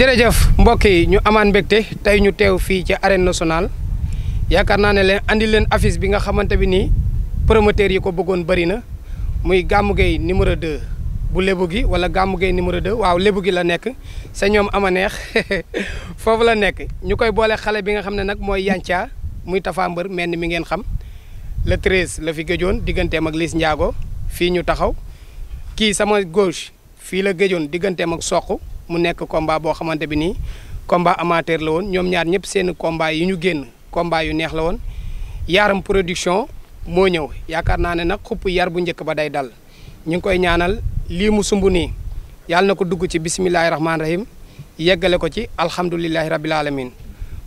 jërëjëf mbokk yi ñu amaan mbégte tey ñu teew fii ca arène nationale yaakaar naa ne leen indi leen affiche bi nga xamante bi nii promoteur yi ko bëggoon bëri na muy Gamou Gueye numéro 2 bu lébu gi wala Gamou Gueye numéro de waaw léebu gi la nekk sa ñoom am a neex foofu la nekk ñu koy boole xale bi nga xam ne nag mooy Yantia muy Tapha Mbeur mel ni mi ngeen xam le 13 la fi gëjoon digganteem ak Liss Ndiago fii ñu taxaw kii sama gauche fii la gëjoon digganteem ak Sokh mu nekk combat boo xamante bi nii combat amateur la woon ñoom ñaar ñëpp seeni combat yi ñu génn combat yu neex la woon yaaram production moo ñëw yaakaar naa ne nag xupp yar bu njëkk ba day dal ñu ngi koy ñaanal lii mu sumb nii yàlla na ko dugg ci bisimilahi rahmaani rahim yeggale ko ci alhamdulilahi rabil alamin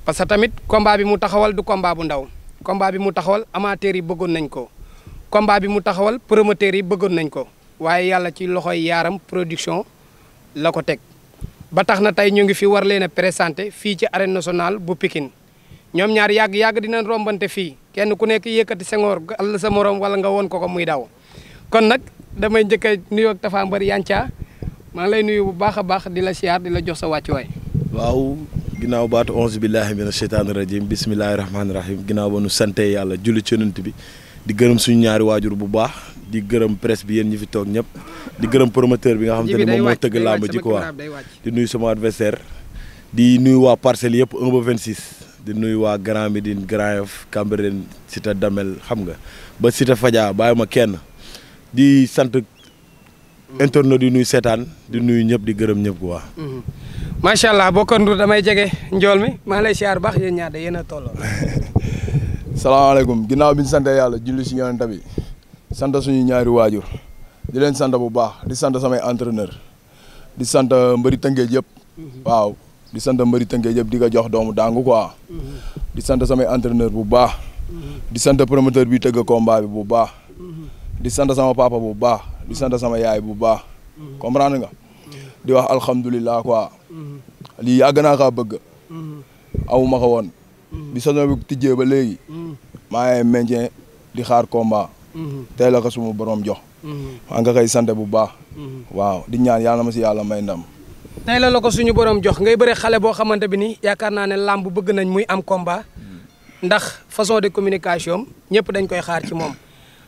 parce que tamit combat bi mu taxawal du combat bu ndaw combat bi mu taxawal amateurs yi bëggoon nañ ko combat bi mu taxawal promoteurs yi bëggoon nañ ko waaye yàlla ci loxo yaaram production la ko teg ba tax na tey ñu ngi fi war leen a présenté fii ci arène nationale bu Pikine ñoom ñaar yàgg-yàgg dina rombante fii kenn ku nekk yëkkati sengoor àll sa morom wala nga woon ko ko muy daw kon nag damay njëkk a nuyoo ak Tapha Mbeur Yantia maa ngi lay nuyu bu baax a baax di la siyaar di la jox sa wàccuwaay waaw ginnaaw baatu onze billahi mina sheytaani rajim bismillahi rahmaani rahim ginnaaw ba nu sante yàlla julli ci nant bi di gërëm suñu ñaari waajur bu baax di gërëm presse bi yéen ñi fi toog ñëpp di gërëm promoteur bi nga xam te ne moom moo tëgg laa làmb ji quoi di nuyu sama adversaire di nuyu waa parcelles yëpp 1 vingt 26 di nuyu waa Grand Médine Grand Yoff Cambérène Cité Damel xam nga ba Cité Fadia bàyyi ma kenn di sant internet di nuy seetaan di nuyu ñëpp di gërëm ñëpp quoi. Mhm. macha allah bokkandu damay jege njool mi maa lay siyaar baax yéen ñaar de yéen a tolloo. salaamaaleykum ginnaaw bi ñu sant yàlla julli si yonent bi sant suñu ñaari waajur di leen sant bu baax di sant samay entraîneur di sant mbari tëngeej yëpp. Mhm. waaw di sant mbëri tëngeej yëpp di ka jox doomu daangu quoi. Mhm. di sant samay entraîneur bu baax. Mhm. di sant promoteur bi tëgg komba bi bu baax. di sant sama papa bu baax di sant sama yaay bu baax. comprendre nga. di wax alhamdulilah quoi. lii yàgg naa kaa bëgg. aw ma ko woon. bi saison bi tijjee ba léegi. maa ngi maintien di xaar komba tey la ko suma borom jox. waa nga koy sant bu baax. waaw di ñaan yàlla ma si yàlla may ndam. tey la la ko suñu boroom jox ngay bëre xale boo xamante bi nii yaakaar naa ne làmb bëgg nañ muy am komba ndax façon de communication ñëpp dañ koy xaar ci moom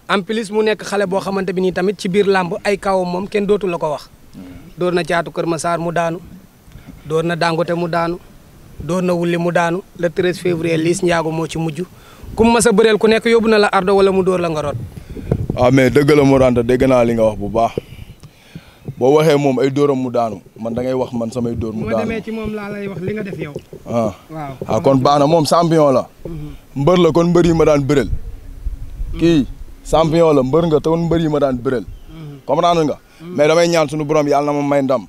en plus mu nekk xale boo xamante bi nii tamit ci biir làmb ay kawam moom kenn dootul la ko wax. door na caatu Kër masaar mu daanu door na Dangote mu daanu door na wulli mu daanu le 13 février liis Ndiago moo ci mujj. kum mas a bëreel ku nekk yóbbu na la ardo wala mu la nga root. waaw ah, mais dëgg la Mor Anta dégg naa li nga wax bu baax boo waxee moom ay dóoram mu daanu man da ngay wax man samay dóor mu daanu. demee ci moom laa lay wax li nga def yow. ah waaw ah, kon baax na moom champion la. Mhm. la kon mbër yi ma daan bëreel. Mhm. kii champion la mbër nga te kon mbër yi ma daan bëreel. Mhm. comprendre nga. mais damay ñaan suñu borom yàlla na ma may ndam.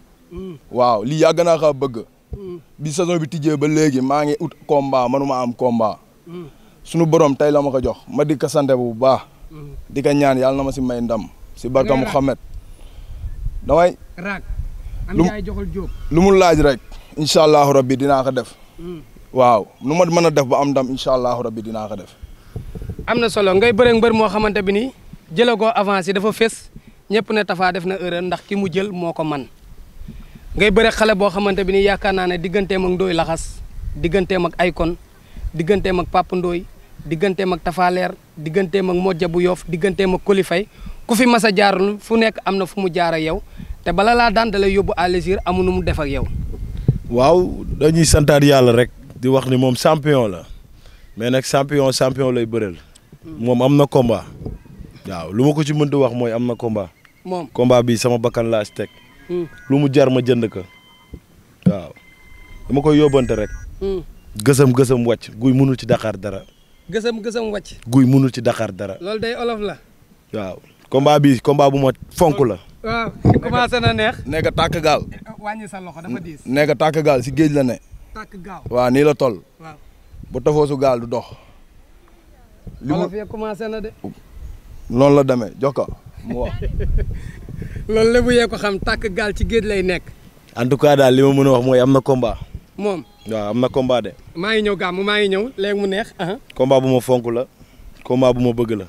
waaw li yàgg naa kaa bëgg. bi saison bi tijjee ba léegi maa ngi ut combat manuma am komba sunu borom tey la ma a jox ma di ko bu baax. di ko ñaan yàlla na ma si may ndam. si barka Muhammad damay. raak am lu mu laaj rek. incha allahu rabbi dinaa ko def. Mm. waaw nu ma mën a def ba am ndam incha allahu rabbi dinaa ko def. am na solo ngay bëre mbër moo xamante bi nii jëlee ko avancé dafa fés ñëpp ne Tapha def na erreur ndax ki mu jël moo ko man ngay bëre xale boo xamante bi nii yaakaar naa ne diggantee mag Ndoye Laxas digganteem ak Aykon digganteem ak Papa Ndoye diggante mag Tafaleer digganteem mag Modja bu Yoff digganteem mag Kolifay ku fi mas a jaarul fu nekk am na fu mu jaar ak yow te bala laa daan dalay yóbbu à l'usure mu def ak yow. waaw dañuy santaat yàlla rek di wax ni moom champion la mais nag champion champion lay bëreel. moom am na combat. waaw lu ma ko ci mënti wax mooy am na combat. moom combat bi sama bakkan laa si teg. Hmm. lu mu jar ma jënd ko. waaw dama koy yóbbante rek. gësëm hmm. gësëm wàcc guy mënul ci Dakar dara. gësëm gësëm wàcc. guy mënul ci daqaar dara. loolu day olof la. waaw combat bi combat bu ma fonk la. waaw commencé na tàkk gaal. wàññi sa loxo nekk tàkk gaal si géej la ne. tàkk gaal waaw nii la toll. bu tafoosu gaal du dox. li mu commencé na de. noonu la demee jox ko mu wax. loolu xam tàkk gaal ci géej lay nekk. en tout cas daal li mën a wax mooy am na combat. moom. waaw am na combat de. maa ngi ñëw gàmm maa ngi ñëw léegi mu neex. combat bu ma fonk la combat bu ma bëgg la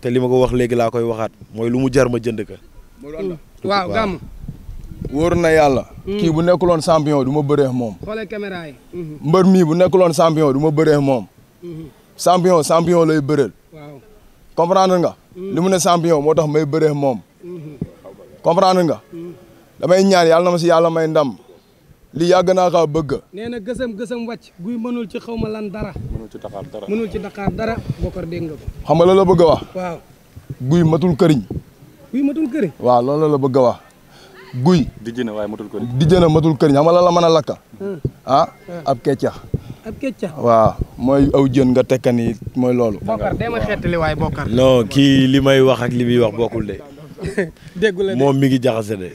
te li ma ko wax léegi laa koy waxaat mooy lu mu jar ma jënd ka mm. waaw gàmm. wóor na yàlla. Mm. kii bu nekkuloon champion du ma bëree moom. xoolal caméra mm-hmm. mbër mii bu nekkuloon champion du ma bëree moom. Mm-hmm. champion champion lay bëreel. waaw comprendre nga. Mm. li ne champion moo tax ma bëree moom. Mm-hmm. comprendre nga. damay ñaan yàlla ma si yàlla may ndam. li yàgg naa kaa bëgg. nee na gësëm gësëm wàcc guy mënul ci xaw ma lan dara. mënul ci daqaar dara mënul ci daqaar dara bokkar dégg nga xam nga la la bëgg a wax. guy matul këriñ. guy matul këriñ. waaw la bëgg a wax guy. dijjana waaye matul këriñ. dijjana matul këriñ xam nga la la mën a lakka. Hmm. ah hmm. ab keccax. ab keccax waaw mooy aw jën nga tekka ni mooy loolu. bokkar kii li may wax ak li muy wax bokkul de. déggu la moom mi ngi jaxase de.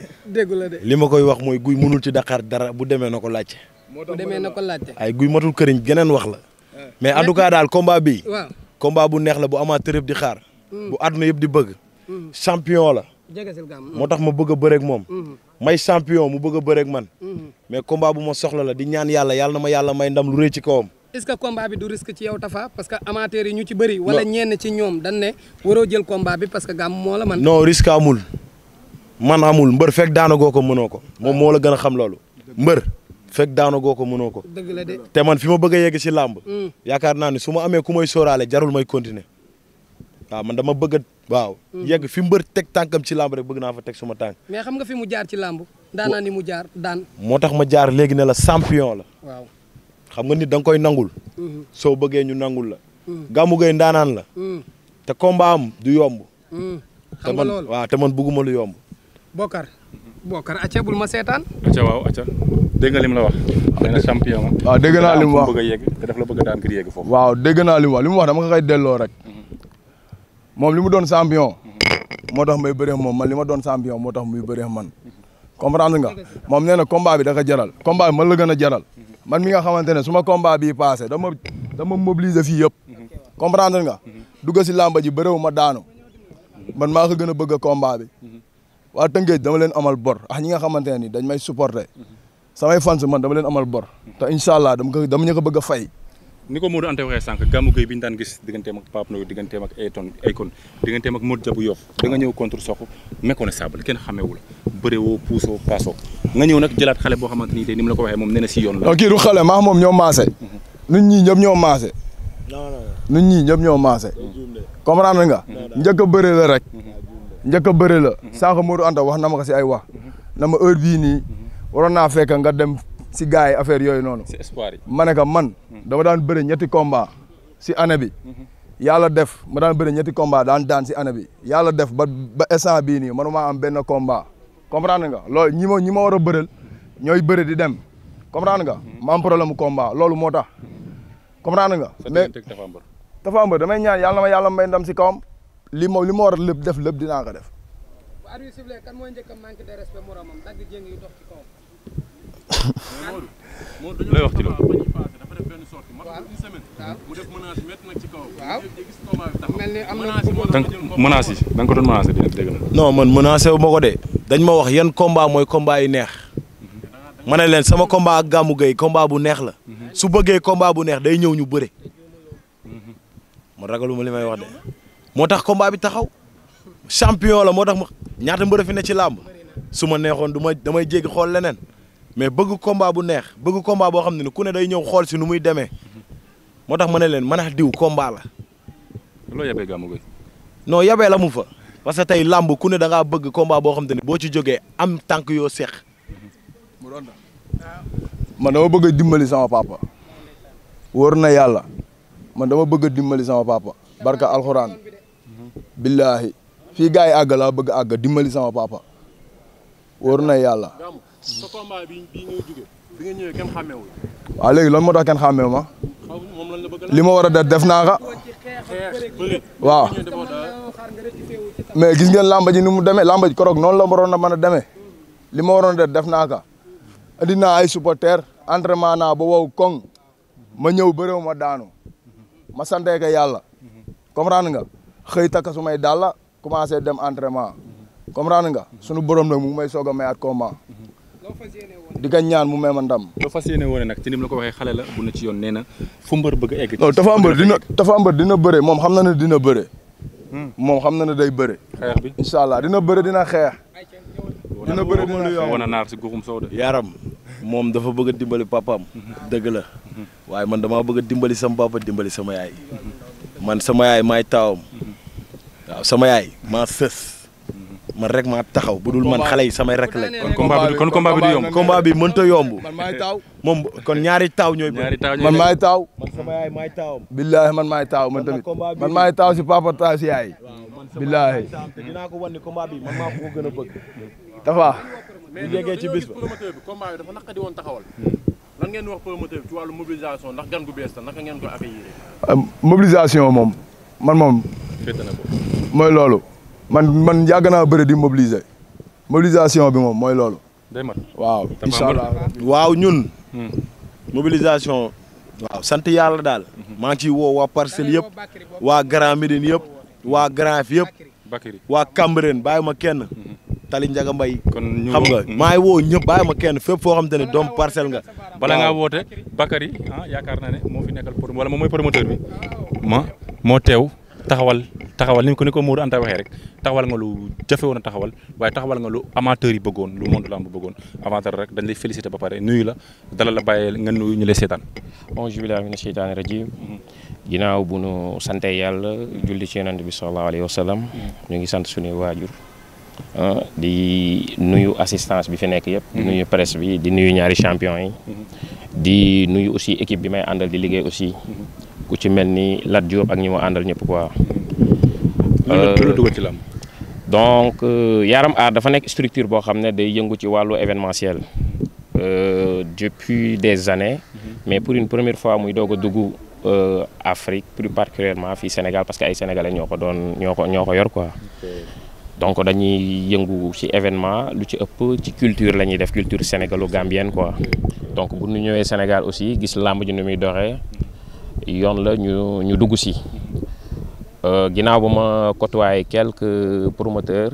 la de li ma koy wax mooy guy mënul ci Dakar dara bu demee na ko laajte. bu demee na ko laajte. ay guy matul këriñ geneen wax la. Eh. mais en tout cas daal komba bi waaw bu neex la bu amateur yëpp di xaar. Mm. bu àdduna yëpp di bëgg. Mm. champion la. moo tax ma bëgg a bëreeg moom. Mm-hmm. may champion mu bëgg a bëreeg man. Mm-hmm. mais combat bu ma soxla la di ñaan yàlla yàlla na ma yàlla may ndam lu rëy ci kawam. est-ce que combat bi du risque ci yow Tapha parce que amateurs yi ñu ci bëri. wala ñenn ci ñoom dan ne waroo jël combat bi parce que gàmm moo la man non risque amul man amul mbër fekk daanagoo ko mënoo ko moom moo la gën a xam loolu mbër fekk daanagoo ko mënoo ko. dëgg la de te man fi ma bëgg a yegg si làmb. Hmm. yaakaar naa ni su ma amee ku may sóoraale jarul may continuer waaw man dama bëgg waaw. Hmm. yegg fi mbër teg tànkam si làmb rek bëgg naa fa teg suma tànk. mais xam nga fi mu jaar ci làmb. daan naa mu jaar daan. moo tax ma jaar léegi ne la champion la. waaw xam nga nit da koy nangul. soo bëggee ñu nangul la. Gamou Gueye ndaanaan la. te combat am du yomb. xam nga loolu waaw te man bëgguma lu yomb. Bokar. Bokar acca bul ma seetaan. acca waaw acca dégg nga la wax. Ah. nee na ah, naa wax bëgg a yegg te la bëgg a daan ngir waaw dégg naa li mu wax li mu wax dama ko koy delloo rek. moom li mu doon champion. moo tax may bëree moom man li ma doon champion moo tax muy bëree man. comprendre nga moom nee na combat bi da ko jaral combat man la gën a jaral. man mi nga xamante ne suma combat bii passé dama dama mobiliser fii yëpp comprendre nga dugg si làmba ji bëréw ma daanu man maa ko gën a bëgg a combat bi waa Tëngéej dama leen amal bor ak ñi nga xamante ne ni dañ may supporter samay fans man dama leen amal bor te incha allah dama ko dama ñu ko bëgg a fay ni ko Modou Anta waxee sànq Gamou Gueye daan gis digganteem ak Pape Ndoye digganteem ak Ayton Aykon digganteem ak Modou Diabou da nga ñëw contre sox méconnaissable kenn xameewu la bëre woo puusoo paasoo nga ñëw nag jëlaat xale boo xamante ni tey ni mu la ko waxee moom nee na si yoon la. non kii mhm. ñii ñëpp ñoo maase. non ñii ñëpp ñoo maase. comprendre nga. njëkk a rek. njëkk a bëre la. Mhm. Mhm. sànq Anta wax na ma si ay wax. na ma heure bii naa fekk nga dem si gars yi affaire yooyu noonu. si espoir ma ne ko man. dama daan bëri ñetti komba si année bi. yàlla def ma daan bëri ñetti combat daan daan si année bi yàlla def ba ba instant bii nii manuma am benn combat comprendre nga loolu ñi ma ñi ma war a bëril ñooy bëri di dem comprendre nga. Hmm. ma am problème mu combat loolu moo tax. comprendre nga mais Tapha Mbeur damay ñaan yàlla ma yàlla may ndam si kawam li ma li ma war a lépp def lépp dinaa ka def. lay wax ci loolu. donc ko doon menacé di man menacé wu ma ko de dañ ma wax yan combat mooy kombaa yi neex ma ne leen sama combat ak Gamou Gueye combat bu neex la su bëggee combat bu neex day ñëw ñu bëre ma ragaluma li may wax de moo tax combat bi taxaw champion la moo tax ma ñaata mbër fi ne ci làmb su ma neexoon du ma damay jéggi xool leneen. mais bëgg combat bu neex bëgg combat boo xam ne ku ne day ñëw xool si nu muy demee moo tax ma ne leen manax diw komba la. loo yabee gàmmu gi la mu fa. parce que tey làmb ku ne da bëgg combat boo xam te ne boo ci jógee am tànk yoo seq. man dama bëgg a dimbali sama papa. wóor na yàlla man dama bëgg a dimbali sama papa barka alxuraan. billaahi fii gars yi àgg laa bëgg àgg dimbali sama papa wóor na yàlla. sa combat bi bi nga jóge ah, moo tax kenn xàmmeewu ma li ma war a def def naa ko waaw mais gis ngeen lamba ji ni mu deme lamba ji koroog noonu la waroon a mën a demee li ma waroon a def def naa ko andi naa ay supporter entraînement naa ba wow koŋ ma ñëw bëréew ma daanu ma santee yàlla comprendre nga xëy takk su may dàlla commencé dem entraînement comprendre nga sunu borom nag mu may soog a mayaat combat di nga ñaan mu may ma ndam. loo fas yéene woon nag ci ni mu la ko waxee xale la bu na ci yoon nee na fu mbër bëgg a egg. non Tapha Mbeur dina Tapha Mbeur dina bëre moom xam na ne dina bëre. Hmm. moom xam na ne day bëre. xeex bi allah dina bëre dina xeex. dina bëre dina xeex wana naar si guxum soow de. yaram moom dafa bëgg a dimbali papaam. dëgg la waaye man damaa bëgg a dimbali sama papa dimbali sama yaay. man sama yaay may taawam. waaw sama yaay maa sës. man rek maa taxaw bu dul man xale yi samay rek lañ. kon combat bi kon combat bi du yomb. combat bi mënta yomb. man maay taaw moom kon ñaari taaw ñooy. ñaari taaw man maay taaw. man sama maay taawam. billaahi man maay taaw man tamit man maay taaw si papa taaw si yaay. billaahi. dinaa ko wan ni combat man maa ko gën a bëgg. dafa. bu jegee ci bis ba promoteur bi woon taxawal. lan ngeen wax promoteur bi ci wàllu ndax gan gu bees la naka ngeen ko accueillir. Euh, moom man moom. mooy loolu. man man yàgg naa bëri di mobiliser mobilisation bi moom mooy loolu. day waaw incha allah waaw ñun. Hmm. mobilisation. waaw sant yàlla daal. Hmm. maa ngi ciy woo waa Parcelles yëpp. waa Grand Médine yëpp. waa Grand F yëpp. waa Cambérène baay ma kenn. Hmm. Tali Ndiaga mbay kon ñu xam nga maa ngi woo ñëpp bàyyi ma kenn fépp foo xam ne doom parcelle nga. bala ngaa woote Bakary ah yaakaar naa ne moo fi nekkal promoteur wala moom mooy bi. ma moo teew. taxawal taxawal ni ko ni ko Modou Anta waxee rek taxawal nga lu jafe woon a taxawal waaye taxawal nga lu amateur yi bëggoon lu monde lamb bëggoon avant rek dañ lay féliciter ba pare nuyu la dalal la bàyyee nga nuyu ñu lay seetaan auzu billaahi mina sheytaani rajiim ginnaaw bu nu sante yàlla julli ci yonent bi sallallahu alayhi wa ñu ngi sant suñuy waajur ah, di nuyu assistance bi fi nekk yëpp nuyu presse bi di nuyu ñaari champion yi di nuyu aussi équipe bi may àndal di liggéey aussi ku ci mel ni Lat Diop ak ñi ma àndal ñëpp quoi. Euh, ci donc euh, yaaram Art dafa nekk structure boo xam ne day yëngu ci wàllu événementiel euh, depuis des années. Mhm. mais pour une première fois muy doog a dugg Afrique plus particulièrement fii Sénégal parce que ay sénégalais ñoo ko doon ñoo ko ñoo ko yor quoi. donc dañuy yëngu ci événement lu ci ëpp ci culture la ñuy def culture sénégalo-gambienne quoi. donc bu ñu ñëwee Sénégal aussi gis làmb ji nu muy doxee. yoon la ñu ñu dugg si euh, ginnaaw bu ma côtoyé quelques promoteurs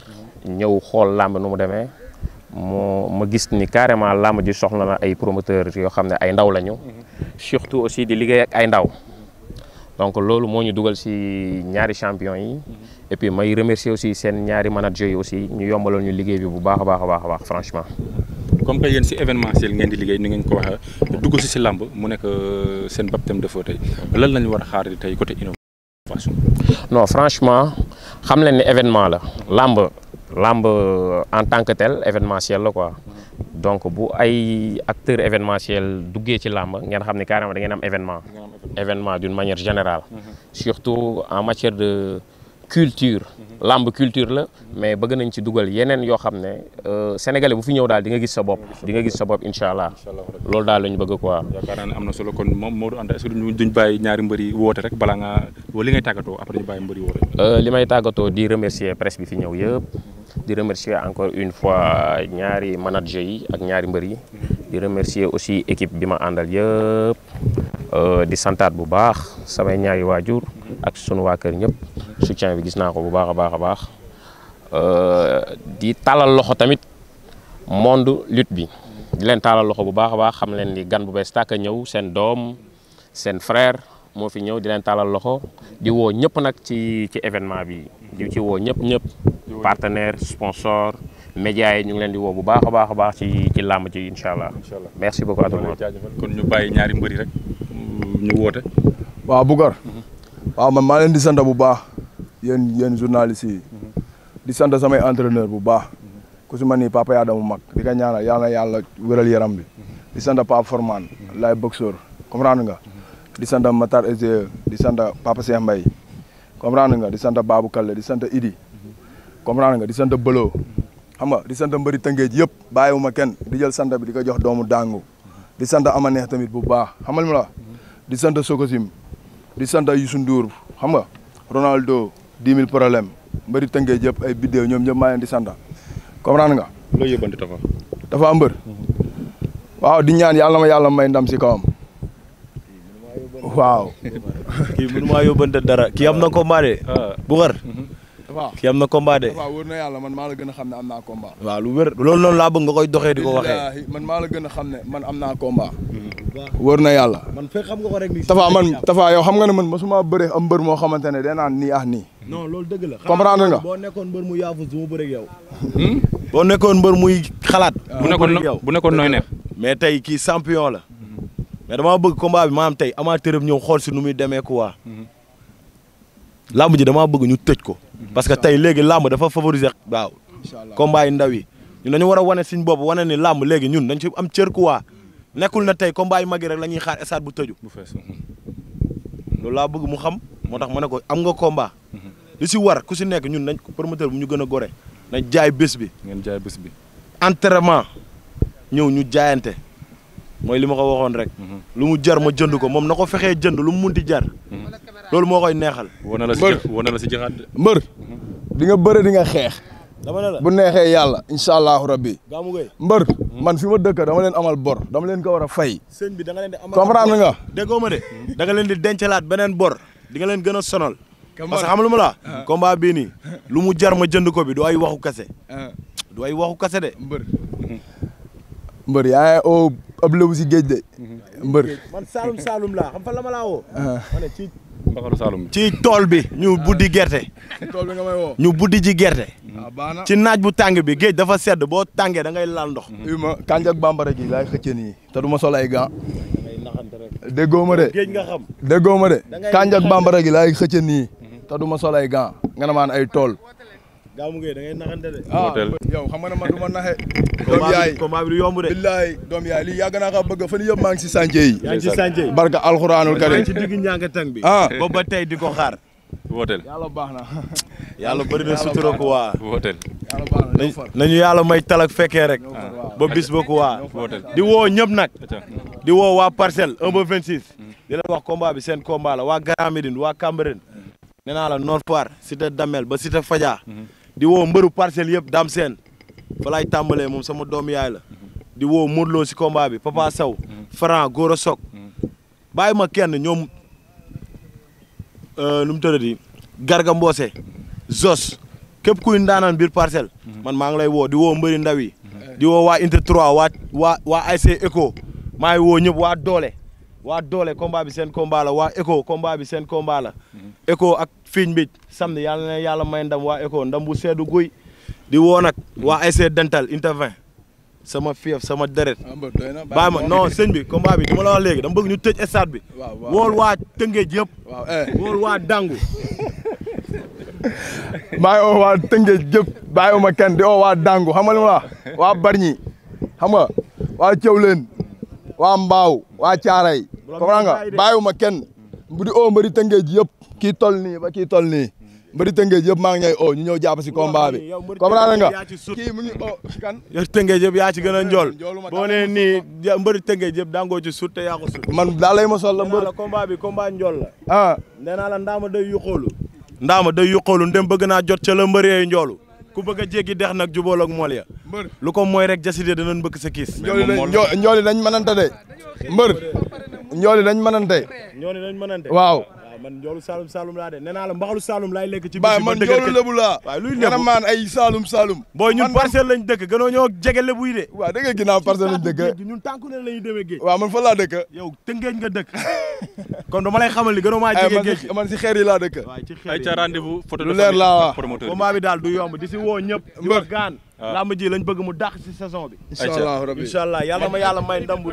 ñëw xool làmb nu mu demee mu ma gis ni carrément làmb ji soxla na ay promoteurs yoo xam ne ay ndaw lañu. surtout aussi di liggéey ak ay ndaw. donc loolu moo ñu dugal si ñaari champion yi. et puis may remercier aussi seen ñaari manager yi aussi ñu yombalal ñu liggéey bi bu baax a baax a baax franchement. comme que yéen si événementiel ngeen di liggéey ni ngeen ko waxee dugg si si làmb mu nekk euh, seen baptême de feu tey lan lañu war a xaar di tey côté innovation. non franchement xam leen ne événement la lamb lamb euh, en tant que tel événementiel la quoi donc bu ay acteur événementiel duggee ci làmb ngeen xam ne carrément a ngeen am événement événement d'une manière générale mm-hmm. surtout en matière de culture lamb culture la mais bëgg nañ ci dugal yeneen yoo xam ne euh, sénégalais bu fi ñëw daal di nga gis sa bopp di nga gis sa bopp incha allah loolu daal la bëgg quoi yaakaar naa am na solo kon moom Modou Anta est-ce bàyyi ñaari mbër yi woote rek bala nga wala li ngay tàggatoo après ñu bàyyi mbër yi woote euh, li may tàggatoo di remercier presse bi fi ñëw yëpp di remercier encore une fois ñaari manager yi ak ñaari mbër yi di remercier aussi équipe bi ma àndal yëpp Euh, di santaat bu baax samay ñaari waajur ak sunu waa kër ñëpp soutien bi gis naa ko bu baax a baax a baax euh, di tàllal loxo tamit monde lutte bi di leen tàllal loxo bu baax a baax xam leen ni gan bu bees tàkk a ñëw seen doom seen frère moo fi ñëw di leen tàllal loxo di woo ñëpp nag ci ci événement bi di ci woo ñëpp ñëpp partenaire sponsor médias yi ñu ngi leen di woo bu baax a baax a baax ci ci làmb ji incha allah. merci beaucoup à ñaari mbëri rek. ñu woote. waaw Bougar. waaw man maa leen di sant bu baax yéen yéen journaliste di sant samay entraîneur bu baax. ku si man nii papa yaa dama mag di ko ñaanal yàlla na yàlla wéral yaram bi. di sant Pape Formane. lay boxeur comprendre nga. di sant Matar Eze di sant Papa Cheikh Mbaye comprendre nga di sant Babou Kalle di sant Idi. comprendre nga di sant Bëlo. xam nga di sant mbëri tëngeej yëpp bàyyiwuma kenn di jël sant bi di ko jox doomu dàngu di sant ama neex tamit bu baax xamal la di sant Sococim di sant Youssou Ndour xam nga Ronaldo 10 000 problème mbëri tënkee jëpp ay biddéew ñoom ñëpp maa leen di sant comprendre nga. loo yóbbante Tapha. Tapha waaw di ñaan yàlla ma yàlla may ndam si kawam. waaw. kii mënu maa yóbbante dara kii am na combat de. Ah. bu xar. waaw kii am na combat de. wër na yàlla man maa la gën xam ne am naa combat. waaw lu wér loolu koy doxee di ko man maa la gën a xam ne man am naa combat. Hmm. wër na yàlla tafa man tafa yow xam nga ne man masuma bëre am mbër moo xamante ne day naan nii ah nii non loolu dëgg la comprendre nga boo nekkoon mbër mu yaafus du ma bëre ak yow hmm? nekkoon mbër muy xalaat ah. bu nekkoon bu nekkoon nooy nekk mais tey kii champion la mais bëgg combat bi maanaam tey amateur bi ñëw xool si nu muy demee quoi lamb ji damaa bëgg ñu tëj ko parce que tey léegi làmb dafa favoriser waaw combat yi ndaw yi ñun dañu war a wane suñ bopp wane ni làmb léegi ñun dañ ci am cër quoi nekkul na tey combat yu mag yi rek la ñuy xaar stade bu tëju. bu fees mhm. loolu laa bëgg mu xam moo tax ma ne ko am nga combat. Mhm. li si war ku si nekk ñun nañ promoteur bu ñu gën a gore nañ jaay bés bi. ngeen jaay bés bi. entraînement ñëw ñu jaayante mooy li ma ko waxoon rek. Mhm. lu mu jar ma jënd ko moom na ko fexee jënd lu mu munti jar. loolu moo koy neexal. mbër wane la si jë la si jëxaat mbër di nga bëre di nga xeex. bu neexee yàlla incha allahu rabbi mbër man fi ma dëkk dama leen amal bor dama leen ko war a fay. sëñ bi da nga leen di amal comprendre nga. déggoo ma de nga leen di dencalaat beneen bor di nga leen gën a sonol parce xam lu ma la. Ah. combat bii nii lu mu jar ma jënd ko bi du ay waxu kase. Ah. du ay waxu kase de. mbër mbër yaa ngi ab si géej de. Mm-hmm. mbër man salum Saalum laa xam fa la ma laa mbaxalu Saloum ci tool bi ñu ah. buddi gerte. tool bi nga may woo. ñu buddi ji gerte. Ah, ci naaj bu tàng bi géej dafa sedd boo tàngee dangay ngay laal ndox. yu ma kànja ak bambara gi laay xëcce nii te du ma sol ay gants. déggoo ma de. géej nga xam déggoo ma de. kànja ak bambara gi laay xëcce nii mhm. te du ma sol ay gants nga ne ay tool. Gamou Gueye da de. ah yow xam nga ne du ma naxe. doom yaay combat bi du yomb de. billaay doom yaay lii yàgg naa ko fan yëpp maa si sànce barka alxuraanul karim. bi. ah ba ba tey di ko xaar. wooteel yàlla baax na. yàlla bëri na sutura ko waa. wooteel yàlla baax na nañu yàlla may talak fekkee rek. ba bis ba ko waa. wooteel di woo ñëpp nag. di woo waa parcelle 1 ba 26. Hmm. di leen wax combat bi seen combat la waa Grand Médine waa Cambérène. Hmm. nee naa la Nord Foire cité Damel ba cité Fadia. Hmm. di woo mbaru parcelle yëpp daam seen fa laay tàmbalee moom sama doom yaay la di woo Modou Lo si combat bi Papa Sow Franc Gora ma kenn ñoom euh, nu mu tëddati Garga Mbossé Zos képp kuy ndaanaan biir parcelle man maa ngi lay woo di woo mbëri ndaw yi di woo waa Inter 3 waa waa waa ASC e maa ngi woo ñëpp waa doole waa doole combat bi seen combat waa ECHO combat seen combat la. Mhm. ECHO ak fiñ bi samedi yàlla na yàlla may ndam waa ECHO ndam bu seddu guy. di woo nag waa ASC mhm. Dental intervent sama fief sama deret ah, bàyyi ma non sëñ bi combat bi dama la léegi dama bëgg ñu tëj stade bi. wool waa Tëngéej yëpp. Eh. wool waa Dangu. maa ngi oo waa Tëngéej yëpp bàyyi ma di oo waa Dangu xam nga waa Bargny xam waa Thiawlène waa Mbaaw waa Caaray comprends nga bàyyiwuma kenn bu di oo mbëri tëngeej yëpp kii tol nii ba kii tol nii mbëri tëngeej yëpp maa ngi ñooy oo ñu ñëw jàpp si combat bi comprendre nga kii mu ngi oo kan mbëri tëngeej yëpp yaa ci gën a njool boo nee nii mbëri tëngeej yëpp dangoo ci sut te yaa ko sut man daa lay ma sol la mbër combat bi combat njool la ah nee naa la ndaama day yuqoolu ndaama day yuqoolu ndem bëgg naa jot ca la mbëri yooyu njoolu ku bëgg a jéggi dex nag jubóol ak mool ya lu ko mooy rek jaside danañ bëgg sa kiis njooli dañ mënante de mbër ñooli dañ mënante ñooli dañ mënante waaw waaw man njoolu Saalum Saalum laa de nee naa la mbaxalu Saalum laay lekk ci. bés man njoolu lébu laa. waaw luy lébu man ay Saalum Saalum. booy ñun parcelle lañ dëkk gënoo ñoo jege lébu yi de. waaw dëgg ginnaaw parcelle lañ dëkk. ñun tànku ne lañuy demee géej. waaw man fa laa dëkk. tëngeej nga dëkk. kon dama lay xamal li maa jege géej. man si xeer yi laa dëkk. waaw ci xeer yi ay ca bi daal du yomb di si woo ñëpp. di wax gaan waaw làmb ji lañ bëgg mu dàq bi. incha allah rabi incha allah yàlla ma yàlla may ndam bu